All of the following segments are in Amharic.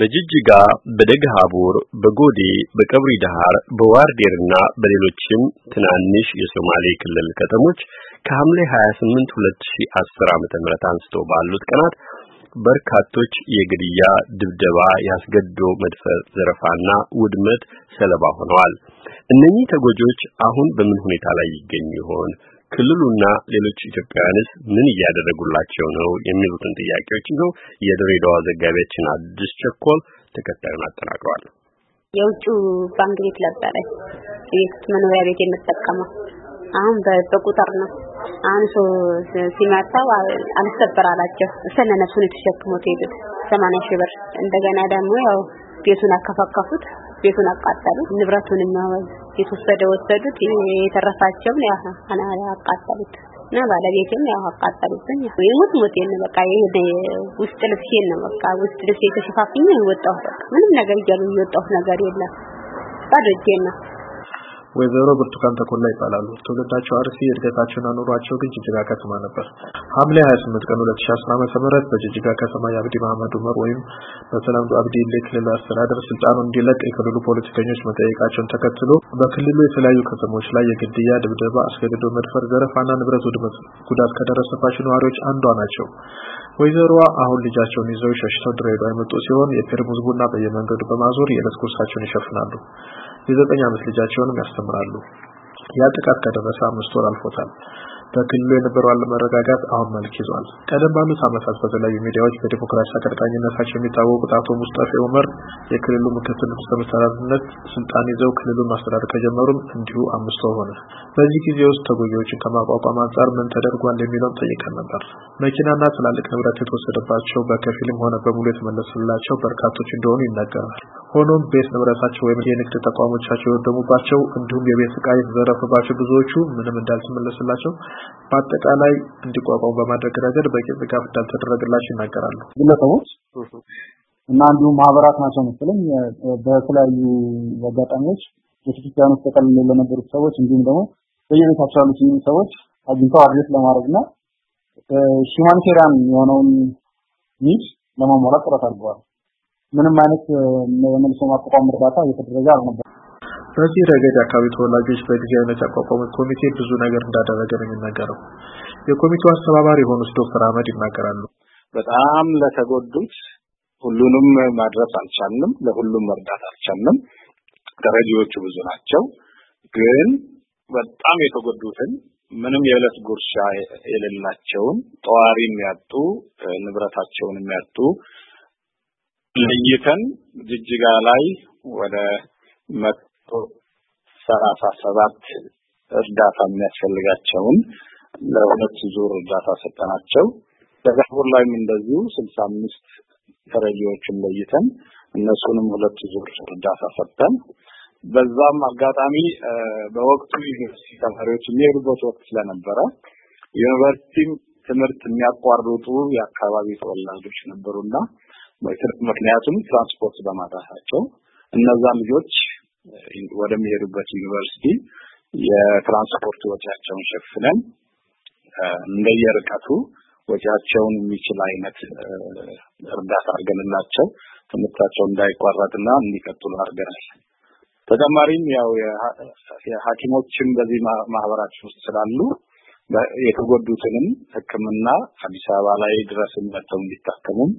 በጅጅጋ፣ በደግሃቡር፣ በጎዴ፣ በቀብሪ ዳሃር፣ በዋርዴርና በሌሎችም ትናንሽ የሶማሌ ክልል ከተሞች ከሐምሌ 28 2010 ዓ.ም አንስቶ ባሉት ቀናት በርካቶች የግድያ፣ ድብደባ፣ ያስገድዶ መድፈር፣ ዘረፋና ውድመት ሰለባ ሆነዋል። እነኚህ ተጎጂዎች አሁን በምን ሁኔታ ላይ ይገኙ ይሆን? ክልሉና ሌሎች ኢትዮጵያውያንስ ምን እያደረጉላቸው ነው የሚሉትን ጥያቄዎች ይዞ የድሬዳዋ ዘጋቢያችን አዲስ ቸኮል ተከታዩን አጠናቅሯል። የውጭ ባንክ ቤት ነበረ ቤት መኖሪያ ቤት የምጠቀመው አሁን በቁጥር ነው። አሁን ሰው ሲመጣው አልሰበር አላቸው እሰነ ነፍሱን የተሸክሞት ሄዱት ሰማንያ ሺህ ብር እንደገና ደግሞ ያው ቤቱን አከፋከፉት፣ ቤቱን አቃጠሉ፣ ንብረቱን የሚያወዝ የተወሰደ ወሰዱት፣ የተረፋቸውን አና አቃጠሉት እና ባለቤቴም ያው አቃጠሉብኝ። የሙት ሙት የነ በቃ ውስጥ ልብሴ ነው በቃ ውስጥ ልብሴ ተሸፋፍኝ ወጣሁ። በቃ ምንም ነገር እያሉ የወጣሁ ነገር የለም ባዶ እጄን ነው ወይዘሮ ብርቱካን ተኮላ ይባላሉ። ትውልዳቸው አርሲ፣ እና ኑሯቸው ግን ጅጅጋ ከተማ ነበር። ሐምሌ 28 ቀን 2010 ዓ.ም በጅጅጋ ከተማ የአብዲ መሐመድ ዑመር ወይም በተለምዶ አብዲ ኢሌ ክልል አስተዳደር ስልጣኑን እንዲለቅ የክልሉ ፖለቲከኞች መጠየቃቸውን ተከትሎ በክልሉ የተለያዩ ከተሞች ላይ የግድያ፣ ድብደባ፣ አስገድዶ መድፈር፣ ዘረፋና ንብረት ውድመት ጉዳት ከደረሰባቸው ነዋሪዎች አንዷ ናቸው። ወይዘሮዋ አሁን ልጃቸውን ይዘው ሸሽተው ድሬዳዋ የመጡ ሲሆን የፔርሙዝ ቡና በየመንገዱ በማዞር የዕለት ጉርሳቸውን ይሸፍናሉ። የዘጠኝ ዓመት ልጃቸውንም ያስተምራሉ። ያ ጥቃት ከደረሰ አምስት ወር አልፎታል። በክልሉ የነበረው አለመረጋጋት አሁን መልክ ይዟል። ቀደም ባሉት ዓመታት በተለያዩ ሚዲያዎች በዲሞክራሲ አቀጣኝነታቸው የሚታወቁት አቶ ሙስጠፌ ኡመር የክልሉ ምክትል ርዕሰ መስተዳድርነት ስልጣን ይዘው ክልሉን ማስተዳደር ከጀመሩም እንዲሁ አምስት ወር ሆነ። በዚህ ጊዜ ውስጥ ተጎጂዎችን ከማቋቋም አንጻር ምን ተደርጓል የሚለውን ጠይቀን ነበር። መኪናና ትላልቅ ንብረት የተወሰደባቸው በከፊልም ሆነ በሙሉ የተመለሱላቸው በርካቶች እንደሆኑ ይነገራል። ሆኖም ቤት ንብረታቸው ወይም የንግድ ተቋሞቻቸው የወደሙባቸው እንዲሁም የቤት ዕቃ የተዘረፈባቸው ብዙዎቹ ምንም እንዳልተመለስላቸው በአጠቃላይ እንዲቋቋሙ በማድረግ ረገድ በቂ ድጋፍ እንዳልተደረገላቸው ይናገራሉ። ግለሰቦች እና እንዲሁም ማህበራት ናቸው መሰለኝ በተለያዩ አጋጣሚዎች ቤተክርስቲያን ውስጥ ለነበሩት ሰዎች እንዲሁም ደግሞ በየቤታቸው ያሉት ሰዎች አግኝተው አድሬስ ለማድረግ እና ሂውማኒቴሪያን የሆነውን ኒድ ለማሟላት ጥረት አድርገዋል። ምንም አይነት የመልሶ ማቋቋም እርዳታ እየተደረገ አልነበረ። በዚህ ረገድ አካባቢ ተወላጆች አይነት ያቋቋሙት ኮሚቴ ብዙ ነገር እንዳደረገ ነው የሚነገረው። የኮሚቴው አስተባባሪ የሆኑት ዶክተር አህመድ ይናገራሉ። በጣም ለተጎዱት ሁሉንም ማድረስ አልቻልንም፣ ለሁሉም መርዳት አልቻልንም። ተረጂዎቹ ብዙ ናቸው። ግን በጣም የተጎዱትን ምንም የዕለት ጉርሻ የሌላቸውን ጠዋሪ የሚያጡ ንብረታቸውን የሚያጡ ለይተን ጅጅጋ ላይ ወደ መቶ ሰላሳ ሰባት እርዳታ የሚያስፈልጋቸውን ለሁለት ዙር እርዳታ ሰጠናቸው። በዛሁር ላይም እንደዚሁ ስልሳ አምስት ተረጂዎችን ለይተን እነሱንም ሁለት ዙር እርዳታ ሰጠን። በዛም አጋጣሚ በወቅቱ ዩኒቨርሲቲ ተማሪዎች የሚሄዱበት ወቅት ስለነበረ ዩኒቨርሲቲም ትምህርት የሚያቋርጡ የአካባቢ ተወላጆች ነበሩና ምክንያቱም ትራንስፖርት በማጣታቸው እነዛ ልጆች ወደሚሄዱበት ዩኒቨርሲቲ የትራንስፖርት ወጪያቸውን ሸፍነን እንደየርቀቱ ወጪያቸውን የሚችል አይነት እርዳታ አድርገንላቸው ትምህርታቸው እንዳይቋረጥና እንዲቀጥሉ አድርገናል። ተጨማሪም ያው የሐኪሞችም በዚህ ማህበራችን ውስጥ ስላሉ የተጎዱትንም ሕክምና አዲስ አበባ ላይ ድረስ መጥተው እንዲታከሙም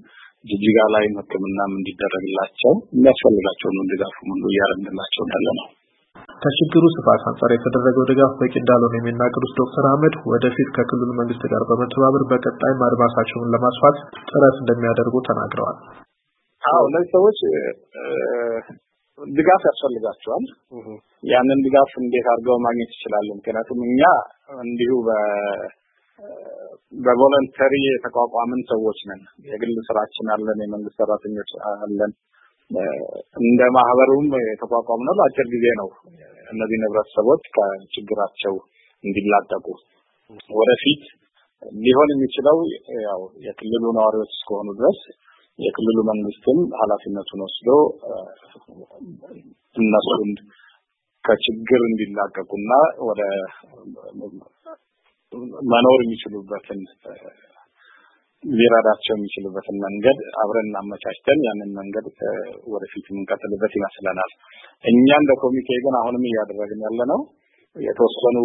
ጅጅጋ ላይ ሕክምናም እንዲደረግላቸው የሚያስፈልጋቸውን ድጋፍ ሁሉ እያደረግንላቸው እንዳለ ነው። ከችግሩ ስፋት አንጻር የተደረገው ድጋፍ በቂ እንዳልሆነ የሚናገሩት ዶክተር አህመድ ወደፊት ከክልሉ መንግስት ጋር በመተባበር በቀጣይ አድማሳቸውን ለማስፋት ጥረት እንደሚያደርጉ ተናግረዋል። አዎ እነዚህ ሰዎች ድጋፍ ያስፈልጋቸዋል። ያንን ድጋፍ እንዴት አድርገው ማግኘት ይችላሉ? ምክንያቱም እኛ እንዲሁ በቮለንተሪ የተቋቋምን ሰዎች ነን። የግል ስራችን አለን፣ የመንግስት ሰራተኞች አለን። እንደ ማህበሩም ነው። ለአጭር ጊዜ ነው። እነዚህ ህብረተሰቦች ከችግራቸው እንዲላቀቁ ወደፊት ሊሆን የሚችለው ያው የክልሉ ነዋሪዎች እስከሆኑ ድረስ የክልሉ መንግስትም ኃላፊነቱን ወስዶ እነሱን ከችግር እንዲላቀቁና ወደ መኖር የሚችሉበትን ሊረዳቸው የሚችሉበትን መንገድ አብረን አመቻችተን ያንን መንገድ ወደፊት የምንቀጥልበት ይመስለናል። እኛ እንደ ኮሚቴ ግን አሁንም እያደረግን ያለ ነው የተወሰኑ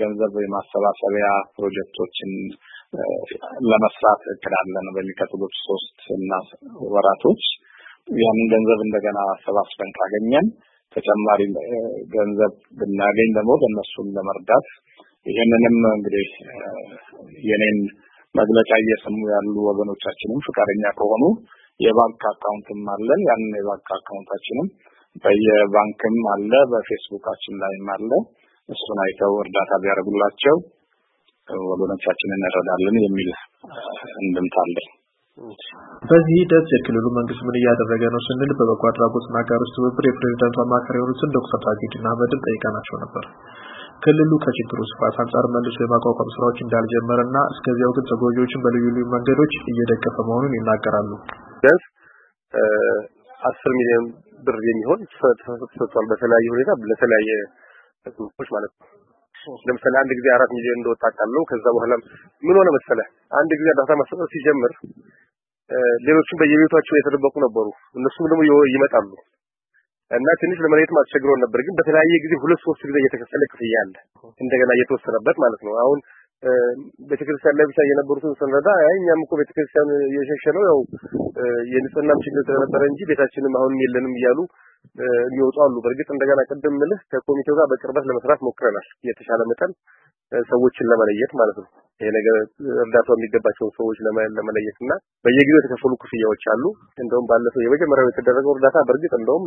ገንዘብ የማሰባሰቢያ ፕሮጀክቶችን ለመስራት እቅድ አለን። በሚቀጥሉት ሶስት እና ወራቶች ያንን ገንዘብ እንደገና አሰባስበን ካገኘን ተጨማሪ ገንዘብ ብናገኝ ደግሞ በእነሱን ለመርዳት ይህንንም እንግዲህ የኔን መግለጫ እየሰሙ ያሉ ወገኖቻችንም ፈቃደኛ ከሆኑ የባንክ አካውንትም አለን። ያንን የባንክ አካውንታችንም በየባንክም አለ፣ በፌስቡካችን ላይም አለ። እሱን አይተው እርዳታ ቢያደርጉላቸው ወገኖቻችንን እንረዳለን የሚል እንድምታ አለ። በዚህ ሂደት የክልሉ መንግስት ምን እያደረገ ነው ስንል በበጎ አድራጎትና አጋሮች ትብብር የፕሬዚዳንቱ አማካሪ የሆኑትን ዶክተር ታጁዲን አህመድን ጠይቀናቸው ነበር። ክልሉ ከችግሩ ስፋት አንጻር መልሶ የማቋቋም ስራዎች እንዳልጀመረና እስከዚያው ግን ተጎጂዎችን በልዩ ልዩ መንገዶች እየደገፈ መሆኑን ይናገራሉ። ቢያንስ አስር ሚሊዮን ብር የሚሆን ተሰጥቷል። በተለያየ ሁኔታ ለተለያየ ህዝቦች ማለት ነው። ለምሳሌ አንድ ጊዜ አራት ሚሊዮን እንደወጣ አውቃለሁ። ከዛ በኋላ ምን ሆነ መሰለ አንድ ጊዜ እርዳታ ማሰጠት ሲጀምር ሌሎችም በየቤቷቸው የተደበቁ ነበሩ። እነሱም ደግሞ ይመጣሉ። እና ትንሽ ለመለየት አስቸግሮን ነበር። ግን በተለያየ ጊዜ ሁለት ሶስት ጊዜ እየተከፈለ ክፍያ አለ እንደገና እየተወሰነበት ማለት ነው። አሁን ቤተክርስቲያን ላይ ብቻ የነበሩትን ስንረዳ እኛም እኮ ቤተክርስቲያን እየሸሸ ነው ያው የንጽህናም ችግር ስለነበረ እንጂ ቤታችንም አሁንም የለንም እያሉ የሚወጡ አሉ። በእርግጥ እንደገና ቅድም ምልህ ከኮሚቴው ጋር በቅርበት ለመስራት ሞክረናል። የተሻለ መጠን ሰዎችን ለመለየት ማለት ነው። ይሄ ነገር እርዳታው የሚገባቸውን ሰዎች ለመለየት እና በየጊዜው የተከፈሉ ክፍያዎች አሉ። እንደውም ባለፈው የመጀመሪያው የተደረገው እርዳታ በእርግጥ እንደውም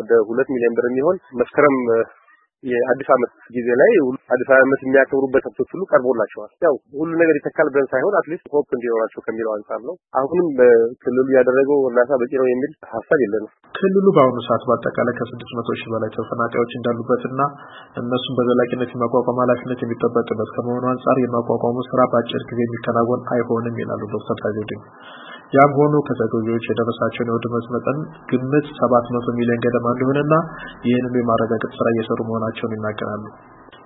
ወደ ሁለት ሚሊዮን ብር የሚሆን መስከረም የአዲስ አመት ጊዜ ላይ አዲስ አመት የሚያከብሩበት ሀብቶች ሁሉ ቀርቦላቸዋል። ያው ሁሉ ነገር ይተካል ብለን ሳይሆን አትሊስት ሆፕ እንዲኖራቸው ከሚለው አንጻር ነው። አሁንም በክልሉ ያደረገው ናሳ በቂ ነው የሚል ሀሳብ የለንም። ክልሉ በአሁኑ ሰዓት በአጠቃላይ ከስድስት መቶ ሺህ በላይ ተፈናቃዮች እንዳሉበትና እነሱም በዘላቂነት የማቋቋም ኃላፊነት የሚጠበቅበት ከመሆኑ አንጻር የማቋቋሙ ስራ በአጭር ጊዜ የሚከናወን አይሆንም ይላሉ ዶክተር ታጁዲን። ያም ሆኖ ከተጎጂዎች የደረሳቸውን የውድመት መጠን ግምት ሰባት መቶ ሚሊዮን ገደማ እንደሆነና ይህንም የማረጋገጥ ስራ እየሰሩ መሆናቸውን ይናገራሉ።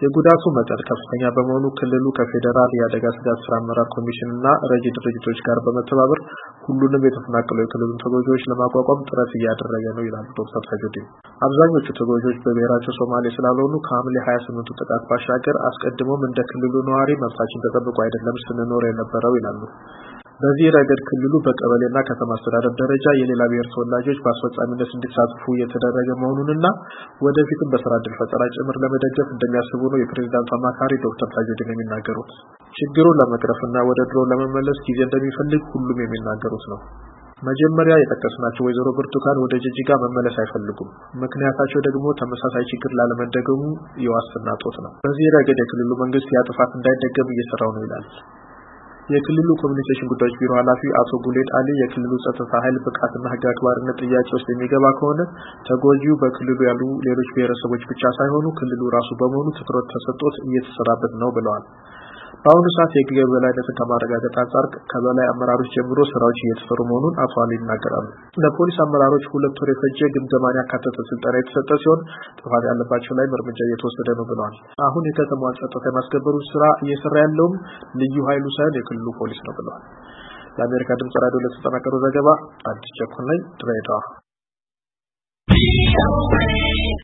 የጉዳቱ መጠን ከፍተኛ በመሆኑ ክልሉ ከፌዴራል የአደጋ ስጋት ስራ አመራር ኮሚሽን እና ረጂ ድርጅቶች ጋር በመተባበር ሁሉንም የተፈናቀሉ የክልሉን ተጎጂዎች ለማቋቋም ጥረት እያደረገ ነው ይላሉ ዶክተር ተጁዲን። አብዛኞቹ ተጎጂዎች በብሔራቸው ሶማሌ ስላልሆኑ ከሐምሌ ሀያ ስምንቱ ጥቃት ባሻገር አስቀድሞም እንደ ክልሉ ነዋሪ መብታችን ተጠብቆ አይደለም ስንኖር የነበረው ይላሉ። በዚህ ረገድ ክልሉ በቀበሌና ከተማ አስተዳደር ደረጃ የሌላ ብሔር ተወላጆች በአስፈጻሚነት እንዲሳትፉ እየተደረገ መሆኑንና ወደፊትም በስራ እድል ፈጠራ ጭምር ለመደገፍ እንደሚያስቡ ነው የፕሬዚዳንቱ አማካሪ ዶክተር ታጀድን የሚናገሩት። ችግሩን ለመቅረፍና ወደ ድሮ ለመመለስ ጊዜ እንደሚፈልግ ሁሉም የሚናገሩት ነው። መጀመሪያ የጠቀስናቸው ወይዘሮ ብርቱካን ወደ ጅጅጋ መመለስ አይፈልጉም። ምክንያታቸው ደግሞ ተመሳሳይ ችግር ላለመደገሙ የዋስትና ጦት ነው። በዚህ ረገድ የክልሉ መንግስት ያ ጥፋት እንዳይደገም እየሰራው ነው ይላል። የክልሉ ኮሚኒኬሽን ጉዳዮች ቢሮ ኃላፊ አቶ ጉሌድ አሊ የክልሉ ጸጥታ ኃይል ብቃትና ህግ አክባሪነት ጥያቄ ውስጥ የሚገባ ከሆነ ተጎጂው በክልሉ ያሉ ሌሎች ብሔረሰቦች ብቻ ሳይሆኑ ክልሉ ራሱ በመሆኑ ትኩረት ተሰጥቶት እየተሰራበት ነው ብለዋል። በአሁኑ ሰዓት የግብር በላይነት ከማረጋገጥ አንጻር ከበላይ አመራሮች ጀምሮ ስራዎች እየተሰሩ መሆኑን አቶ አሊ ይናገራሉ። ለፖሊስ አመራሮች ሁለት ወር የፈጀ ግምገማን ያካተተ ስልጠና የተሰጠ ሲሆን ጥፋት ያለባቸው ላይ እርምጃ እየተወሰደ ነው ብለዋል። አሁን የከተማዋን ጸጥታ የማስከበሩ ስራ እየሰራ ያለውም ልዩ ኃይሉ ሳይሆን የክልሉ ፖሊስ ነው ብለዋል። ለአሜሪካ ድምጽ ራዲዮ ለተጠናቀረው ዘገባ አዲስ ጀኮን ላይ ድሬዳዋ